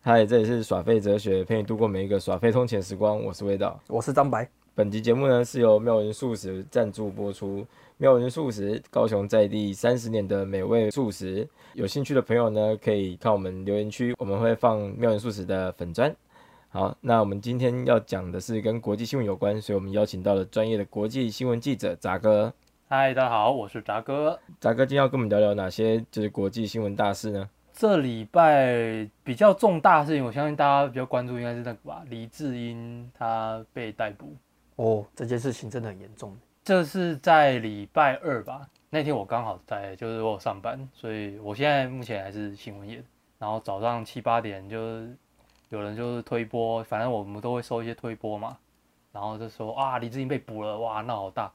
嗨，這裡是耍廢哲學，陪你度過每一個耍廢通勤時光。我是味道，我是張白。本集節目呢，是由妙雯素食贊助播出，妙雯素食高雄在地三十年的美味素食，有興趣的朋友呢，可以看我們留言區，我們會放妙雯素食的粉專。好，那我們今天要講的是跟國際新聞有關，所以我們邀請到了專業的國際新聞記者雜哥。嗨，大家好，我是 Zacky。Zacky，今天要跟我們聊聊哪些就是國際新聞大事呢？這禮拜比較重大事情，我相信大家比較關注應該是那個吧，黎智英他被逮捕。哦，這件事情真的很嚴重。這是在禮拜二吧？那天我剛好在，就是我有上班，所以我現在目前還是新聞業。然後早上七八點就有人就是推播，反正我們都會收一些推播嘛。然後就說啊，黎智英被捕了，哇，鬧好大。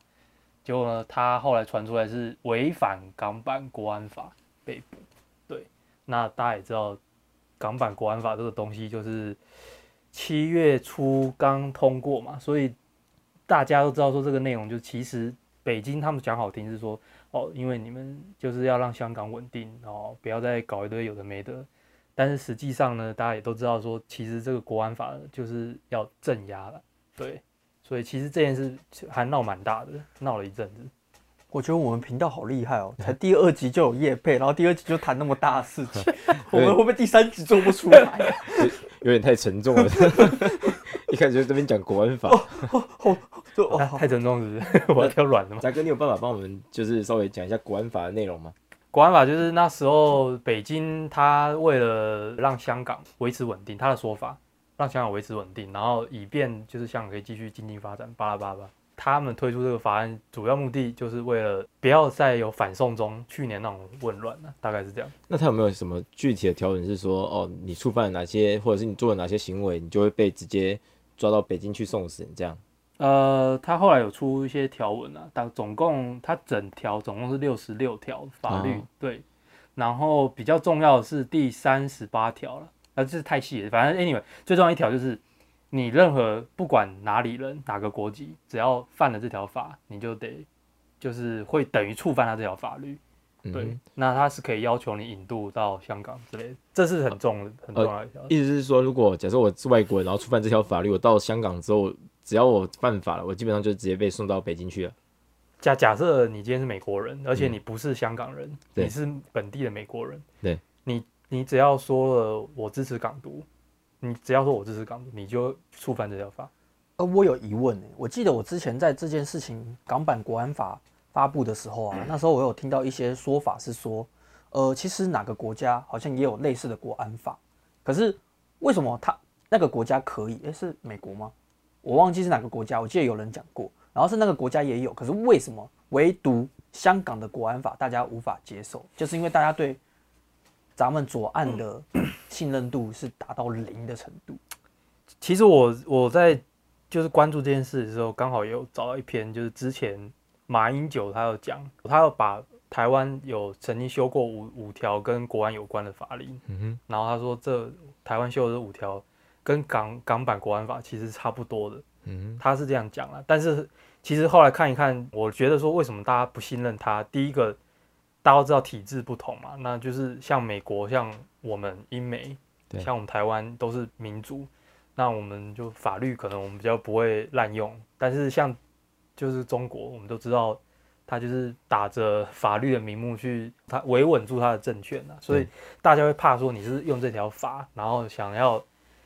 結果呢，他後來傳出來是違反港版國安法被捕。對，那大家也知道，港版國安法這個東西就是七月初剛通過嘛，所以大家都知道說這個內容，就其實北京他們講好聽是說哦，因為你們就是要讓香港穩定，然後不要再搞一堆有的沒的。但是實際上呢，大家也都知道說，其實這個國安法就是要鎮壓了，對。所以其實這件事還鬧蠻大的，鬧了一陣子。我覺得我們頻道好厲害哦、喔，才第二集就有業配，然後第二集就談那麼大的事情， 我們會不會第三集做不出來？ 有，有點太沉重了。 一開始就這邊講國安法，哦、oh, oh, oh, oh, oh, oh. 啊、太沉重了是不是？我要跳軟了嗎？嘉 哥，你有辦法幫我們就是稍微講一下國安法的內容嗎？國安法就是那時候北京他為了讓香港維持穩定，他的說法。讓香港維持穩定，然後以便就是香港可以繼續經濟發展。巴拉巴拉巴，他們推出這個法案主要目的就是為了不要再有反送中去年那種混亂了，大概是這樣。那他有沒有什麼具體的條文是說，哦，你觸犯了哪些，或者是你做了哪些行為，你就會被直接抓到北京去送死這樣？呃，他後來有出一些條文啊，但總共他整條總共是六十六條法律，哦，對。然後比較重要的是第三十八條了。這、啊就是太細，反正 anyway，最重要一條就是，你任何不管哪裡人、哪個國籍，只要犯了這條法，你就得，就是會等於觸犯他這條法律。對，嗯、那他是可以要求你引渡到香港之類的，這是很重、呃、很重要的一條、呃。意思是說，如果假設我是外國人，然後觸犯這條法律，我到香港之後，只要我犯法了，我基本上就直接被送到北京去了。假假設你今天是美國人，而且你不是香港人，嗯、你是本地的美國人，對你。你只要說了我支持港獨，你只要說我支持港獨，你就觸犯這條法。而我有疑問呢、欸。我記得我之前在這件事情港版國安法發布的時候啊、嗯，那時候我有聽到一些說法是說，呃，其實哪個國家好像也有類似的國安法，可是為什麼他那個國家可以？誒、欸，是美國嗎？我忘記是哪個國家，我記得有人講過。然後是那個國家也有，可是為什麼唯獨香港的國安法大家無法接受？就是因為大家對。咱們左岸的、嗯、 信任度是達到零的程度。其實我我在就是關注這件事的時候，剛好也有找到一篇，就是之前馬英九他有講，他要把台灣有曾經修過五五條跟國安有關的法令，然後他說這台灣修的這五條跟港港版國安法其實差不多的，嗯，他是這樣講了。但是其實後來看一看，我覺得說為什麼大家不信任他？第一個。大家都知道體制不同嘛，那就是像美國，像我們英美，像我們台灣都是民主。那我們就法律可能我們比較不會濫用。但是像就是中國，我們都知道，他就是打着法律的名目去他維穩住他的政權啊。所以大家會怕說你是用這條法，然後想要，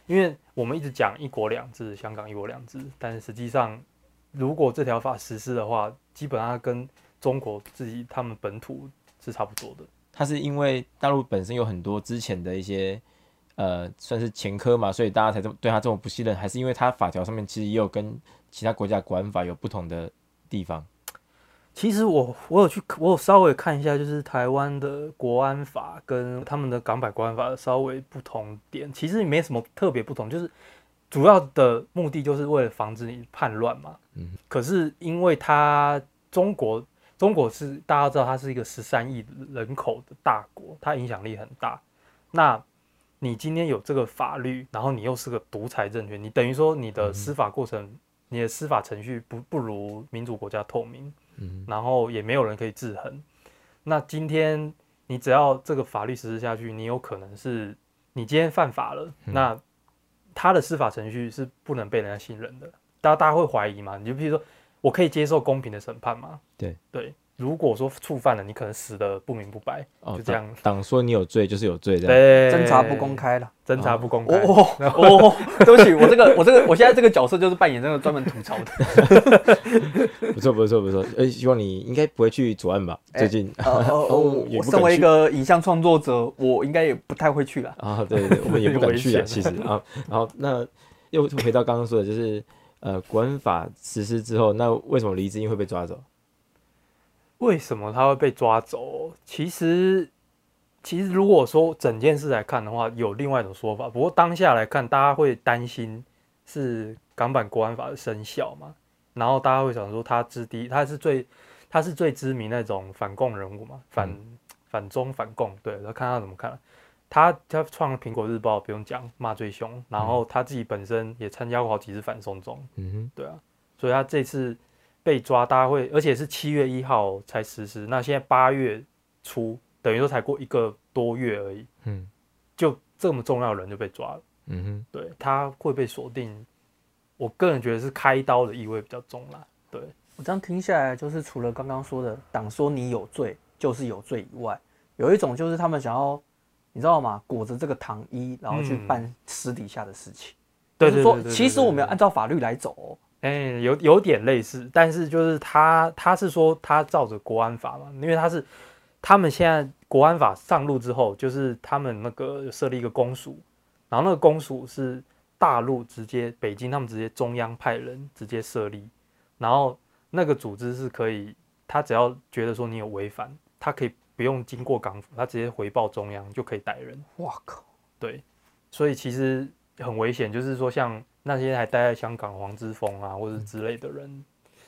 因為我們一直講一國兩制，香港一國兩制。但是實際上，如果這條法實施的話，基本上跟中國自己他們本土，是差不多的，他是因為大陸本身有很多之前的一些呃算是前科嘛，所以大家才這麼對他這麼不信任，還是因為他法條上面其實也有跟其他國家的國安法有不同的地方。其實我我有去我有稍微看一下，就是台灣的國安法跟他們的港版國安法稍微不同點，其實也沒什麼特別不同，就是主要的目的就是為了防止你叛亂嘛。嗯，可是因為他中國。中國是大家知道，它是一個十三億人口的大國，它影響力很大。那你今天有這個法律，然後你又是個獨裁政權，你等於說你的司法過程、嗯、你的司法程序不不如民主國家透明、嗯，然後也沒有人可以制衡。那今天你只要這個法律實施下去，你有可能是你今天犯法了，嗯、那他的司法程序是不能被人家信任的。大家大家會懷疑嘛？你就比如說。我可以接受公平的審判嗎？對對，如果說觸犯了，你可能死得不明不白，哦、就這樣黨。黨說你有罪就是有罪，這樣。偵查不公開了、哦，偵查不公開。哦哦， 哦，對不起，我這個我這個我現在這個角色就是扮演這個專門吐槽的。不錯不錯不錯，呃、欸，希望你應該不會去左岸吧？欸、最近，呃、 哦我、呃、身為一個影像創作者，我應該也不太會去了。啊、哦，對，對，對，我們也不敢去了，其實啊。然後那又回到剛剛說的，就是。 呃，國安法實施之後，那為什麼黎智英會被抓走？為什麼他會被抓走？其實，其實如果說整件事來看的話，有另外一種說法。不過當下來看，大家會擔心是港版國安法的生效嘛。然後大家會想說，他知敵，他是最，他是最知名的那種反共人物嘛，反、嗯、反中反共，對，那看他怎麼看啊。他他創了《蘋果日報》，不用講，罵最兇。然後他自己本身也參加過好幾次反送中。嗯哼，對啊，所以他這次被抓，大家會，而且是七月一號才實施，那現在八月初，等於說才過一個多月而已。嗯，就這麼重要的人就被抓了。嗯哼，對他會被鎖定，我個人覺得是開刀的意味比較重啦。對我這樣聽下來，就是除了剛剛說的黨說你有罪就是有罪以外，有一種就是他們想要。你知道嗎？裹着這個糖衣，然後去辦私底下的事情。對，嗯，就是說，其實我們要按照法律來走。哎，有有點類似，但是就是他，他是說他照着國安法嘛，因為他是他們現在國安法上路之後，就是他們那個設立一個公署，然後那個公署是大陸直接，北京，他們直接中央派人直接設立，然後那個組織是可以，他只要覺得說你有違反，他可以。不用經過港府，他直接回報中央就可以逮人。哇靠！對，所以其實很危險。就是說，像那些還待在香港黃之鋒啊，或者之類的人，嗯，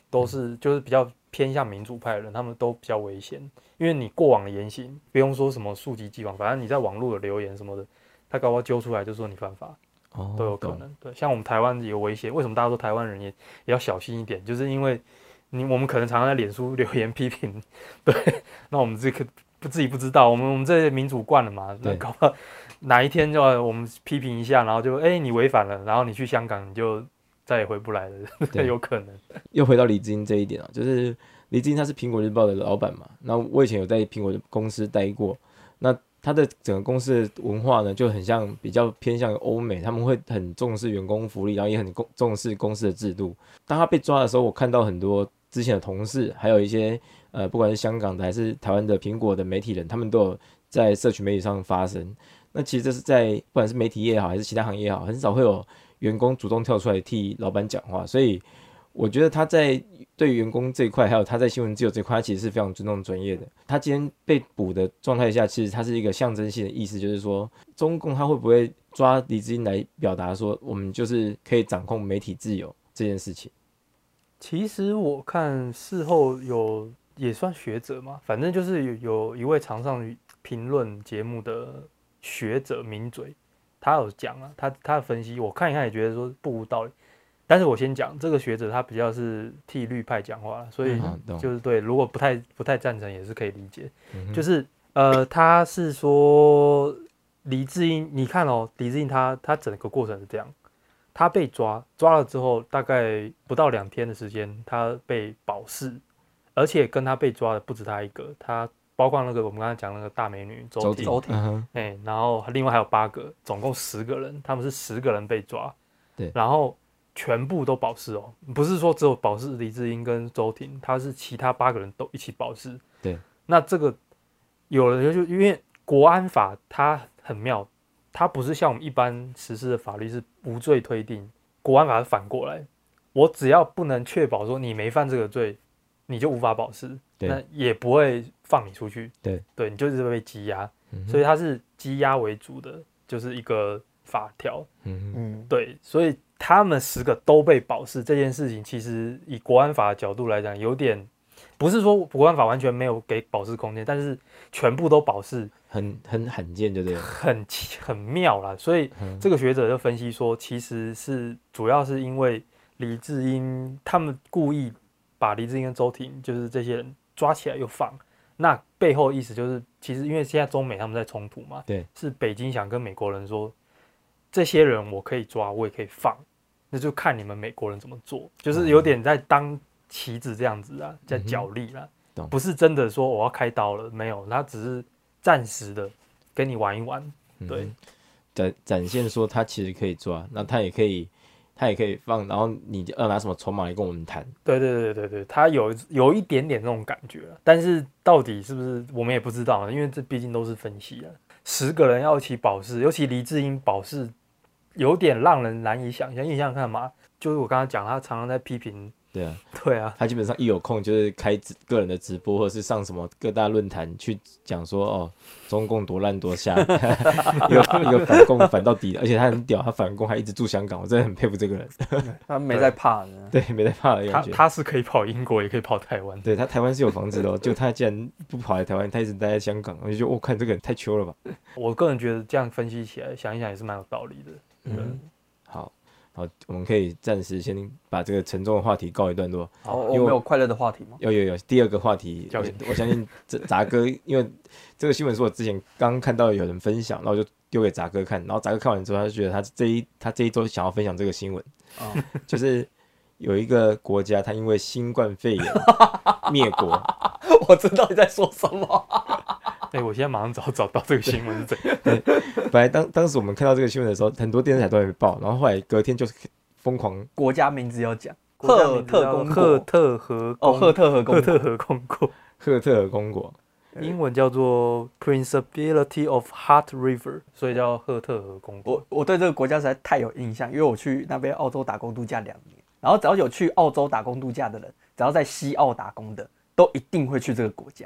都是就是比較偏向民主派的人，他們都比較危險。因為你過往的言行，不用說什麼溯及既往，反正你在網絡的留言什麼的，他搞不好揪出來就說你犯法，哦，都有可能。對，對，像我們台灣有危險，為什麼大家說台灣人也也要小心一點？就是因為。你我們可能常常在臉書留言批評，對，那我們自己可不自己不知道，我們我們這些民主慣了嘛，搞不好，哪一天就我們批評一下，然後就哎、欸、你違反了，然後你去香港你就再也回不來了，對 有可能。又回到黎智英這一點了，啊，就是黎智英他是蘋果日報的老闆嘛，那我以前有在蘋果公司待過，那。他的整個公司的文化呢，就很像比較偏向於歐美，他們會很重視員工福利，然後也很重重視公司的制度。當他被抓的時候，我看到很多之前的同事，還有一些呃，不管是香港的還是台灣的蘋果的媒體人，他們都有在社群媒體上發聲。那其實這是在不管是媒體業也好，還是其他行業也好，很少會有員工主動跳出來替老闆講話，所以。我覺得他在對員工這塊，還有他在新聞自由這塊，他其實是非常尊重專業的。他今天被捕的狀態下，其實他是一個象徵性的意思，就是說中共他會不會抓黎智英來表達說，我們就是可以掌控媒體自由這件事情。其實我看事後有也算學者嘛，反正就是有有一位常上評論節目的學者名嘴，他有講啊，他他分析，我看一看也覺得說不無道理。但是我先講這個學者，他比較是替綠派講話，所以就是對，如果不太不太贊成也是可以理解。嗯、就是呃，他是說黎智英，你看哦，黎智英他他整個過程是這樣，他被抓抓了之後，大概不到兩天的時間，他被保釋，而且跟他被抓的不止他一個，他包括那個我們剛才講那個大美女走走周婷，哎、嗯，然後另外還有八個，總共十個人，他們是十個人被抓，對，然後。全部都保釋哦，不是說只有保釋黎智英跟周庭，他是其他八個人都一起保釋。對，那這個有人就因為國安法它很妙，它不是像我們一般實施的法律是無罪推定，國安法是反過來，我只要不能確保說你沒犯這個罪，你就無法保釋，那也不會放你出去。對，對你就是會被羈押，嗯，所以它是羈押為主的，就是一個法條。嗯，對，所以。他們十個都被保釋，這件事情其實以國安法的角度來講，有點不是說國安法完全沒有給保釋空間，但是全部都保釋，很很罕見，就這樣，很很妙了。所以這個學者就分析說，其實是主要是因為黎智英他們故意把黎智英、周庭，就是這些人抓起來又放，那背後意思就是，其實因為現在中美他們在衝突嘛，對，是北京想跟美國人說，這些人我可以抓，我也可以放。那就看你們美國人怎麼做，就是有點在當棋子這樣子啊、嗯，在角力啦。不是真的說我要開刀了，沒有，他只是暫時的跟你玩一玩，對，展、嗯、展現說他其實可以抓，那他也可以，他也可以放，然後你要拿什麼籌碼來跟我們談？對對對對對，他有有一點點這種感覺，但是到底是不是我們也不知道，因為這畢竟都是分析啊。十個人要一起保釋，尤其黎智英保釋。有點讓人難以想象。像印象看嘛，就是我剛剛講，他常常在批評。對啊，對啊。他基本上一有空就是開個人的直播，或者是上什麼各大論壇去講說，哦，中共多爛多下，有 有反共反到底 而且他很屌，他反共還一直住香港，我真的很佩服這個人。 他沒在怕。對，沒在怕的感覺。他他是可以跑英國，也可以跑台灣。對他台灣是有房子的， 就他既然不跑來台灣，他一直待在香港，我就覺得我看這個人太秋了吧。我個人覺得這樣分析起來，想一想也是蠻有道理的。嗯，嗯，好，好，我們可以暫時先把這個沉重的話題告一段落。有、哦哦、沒有快樂的話題嗎？有有有，第二個話題，我相信這雜哥，因為這個新聞是我之前剛看到有人分享，然後就丟給雜哥看，然後雜哥看完之後，他就覺得他這一他這一周想要分享這個新聞、哦，就是有一個國家，他因為新冠肺炎滅國， 我知道你在說什麼。哎、欸，我現在馬上找找到這個新聞是怎樣？對，本來當當時我們看到這個新聞的時候，很多電視台都還沒報，然後後來隔天就是瘋狂，國家名字要講赫特公赫特河哦，赫特河赫特河公國，赫特河公國、國、國，英文叫做 Principality of Hutt River，所以叫赫特河公國。我我對這個國家實在太有印象，因為我去那邊澳洲打工度假兩年，然後只要有去澳洲打工度假的人，只要在西澳打工的，都一定會去這個國家。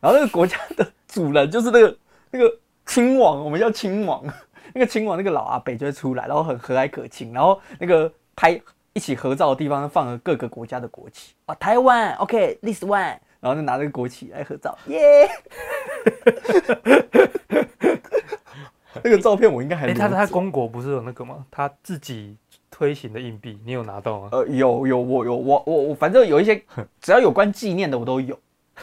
然後那個國家的主人就是那個那個親王，我們叫親王。那個親王那個老阿北就會出來，然後很和藹可親。然後那個拍一起合照的地方放了各個國家的國旗，啊、哦，台灣 OK，okay, this one。然後就拿那個國旗來合照，耶！ 欸、那個照片我應該還……哎、欸，欸、他他公國不是有那個嗎？他自己推行的硬幣，你有拿到嗎？呃，有有我有我我我反正有一些只要有關紀念的我都有。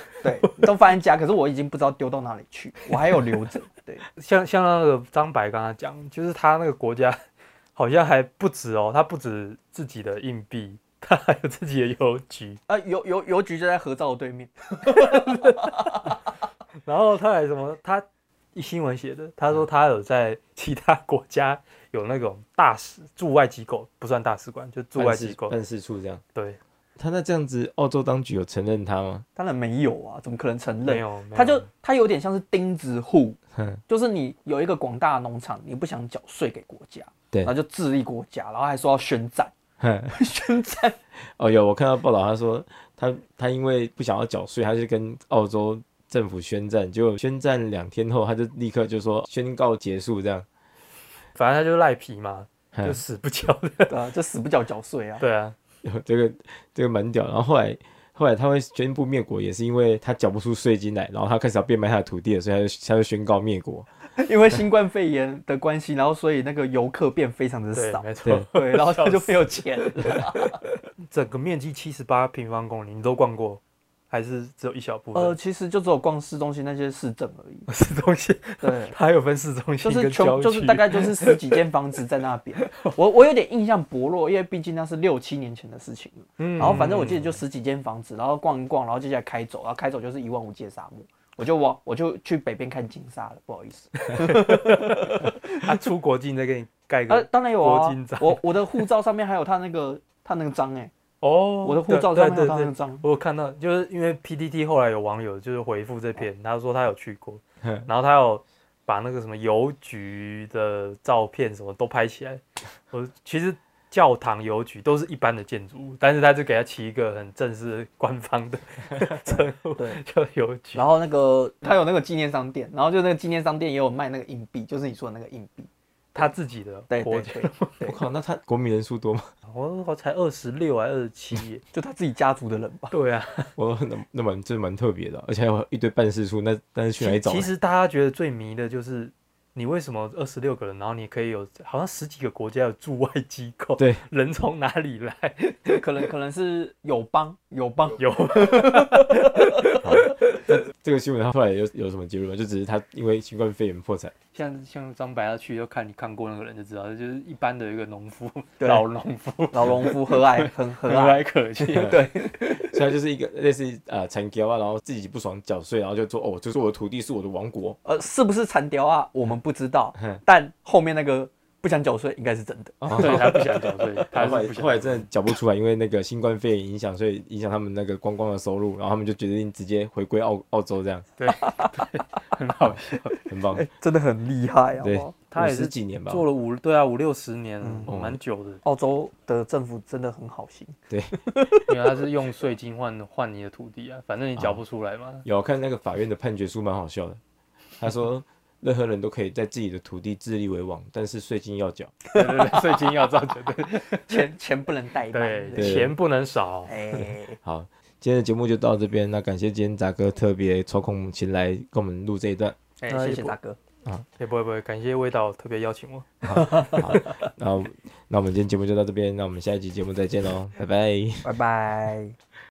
對，都翻家，可是我已經不知道丟到哪裡去，我還有留着。對，像像那個張白剛才講，就是他那個國家好像還不止哦，他不止自己的硬幣，他還有自己的郵局啊，郵郵郵局就在合照的對面。 然後他還什麼？他一新聞寫的，他說他有在其他國家有那種大使駐外機構，不算大使館，就是駐外機構、辦事處這樣。對。他那這樣子，澳洲當局有承認他嗎？當然沒有啊，怎麼可能承認？沒有,沒有。他就他有點像是釘子戶，就是你有一個廣大農場，你不想繳稅給國家，對，然後就自立國家，然後還說要宣戰， 宣戰。哦，有我看到報道，他說他他因為不想要繳稅，他就跟澳洲政府宣戰，結果宣戰兩天後，他就立刻就說宣告結束，這樣。反正他就是賴皮嘛，就死不繳的。對啊，就死不繳繳稅啊。 對啊。這個這個蠻屌，然後後來後來他會宣布滅國，也是因為他繳不出稅金來，然後他開始要變賣他的土地了，所以他就他就宣告滅國。因為新冠肺炎的關係， 然後所以那個遊客變非常的少，沒錯，對， 對，然後他就沒有錢了。 整個面積七十八平方公里，你都逛過？還是只有一小部分？呃，其實就只有逛市中心那些市政而已。哦、市中心，對，它還有分市中心。就是窮，就是大概就是十幾間房子在那邊。 我我有點印象薄弱，因為畢竟那是六七年前的事情，嗯、然後反正我記得就十幾間房子，然後逛一逛，然後接下來開走，然後開走就是一望無際的沙漠。我就往，我就去北邊看金沙了，不好意思。他 出國境再給你蓋個國境章？呃、啊，當然有啊。我我的護照上面還有他那個他那個章哎、欸。哦、oh，我的護照在那張。我有看到，就是因為 PTT 後來有網友就是回復這篇，他說他有去過，然後他有把那個什麼郵局的照片什麼都拍起來。我其實教堂、郵局都是一般的建築物，但是他就給他起一個很正式、官方的稱 呼，叫郵局。然後那個他有那個紀念商店，然後就那個紀念商店也有賣那個硬幣，就是你說的那個硬幣。他自己的國我靠，那他國民人數多嗎？對對對對，我靠、欸，才二十六還二十七，就他自己家族的人吧。 對啊，我，我那那蠻就是蠻特別的，而且還有一堆辦事處，那但是去哪裡找、欸，其？其實大家覺得最迷的就是。你為什麼二十六個人？然後你可以有，好像十幾個國家有駐外機構。對，人從哪裡來？可能可能是友邦，友邦，有。有 這個新聞他後來有有什麼結論嗎？就只是他因為新冠肺炎破產。像像張白他去，就看你看過那個人就知道，就是一般的一個農夫，老農夫，老農夫和藹，和藹可親。對。 他就是一個類似呃、殘雕啊，然後自己不爽繳稅，然後就說哦，就是我的土地是我的王國，呃，是不是殘雕啊？我們不知道，嗯、但後面那個不想繳稅應該是真的、哦。對，他不想繳稅，他後來後來真的繳不出來，因為那個新冠肺炎影響，所以影響他們那個觀光，光的收入，然後他們就決定直接回歸澳澳洲這樣。對，對，很好笑，很棒、欸，真的很厲害啊。對好他也是 5, 幾年吧，做了五對啊五六十年，蠻、嗯、久的、嗯。澳洲的政府真的很好心，對，因為他是用稅金換換 你的土地啊，反正你繳不出來嘛。有我看那個法院的判決書蠻好笑的，他說任何人都可以在自己的土地自立為王，但是稅金要繳，稅 金要照繳，對， 錢錢不能怠慢對,對,對，錢不能少。哎，好，今天的節目就到這邊，那感謝今天渣哥特別抽空前來跟我們錄這一段，哎、欸，謝謝渣哥。哦，欸，不會，不會，感謝味道特別邀請我。 好，好，那我們今天節目就到這邊，那我們下一期節目再見嘍，拜拜，拜拜。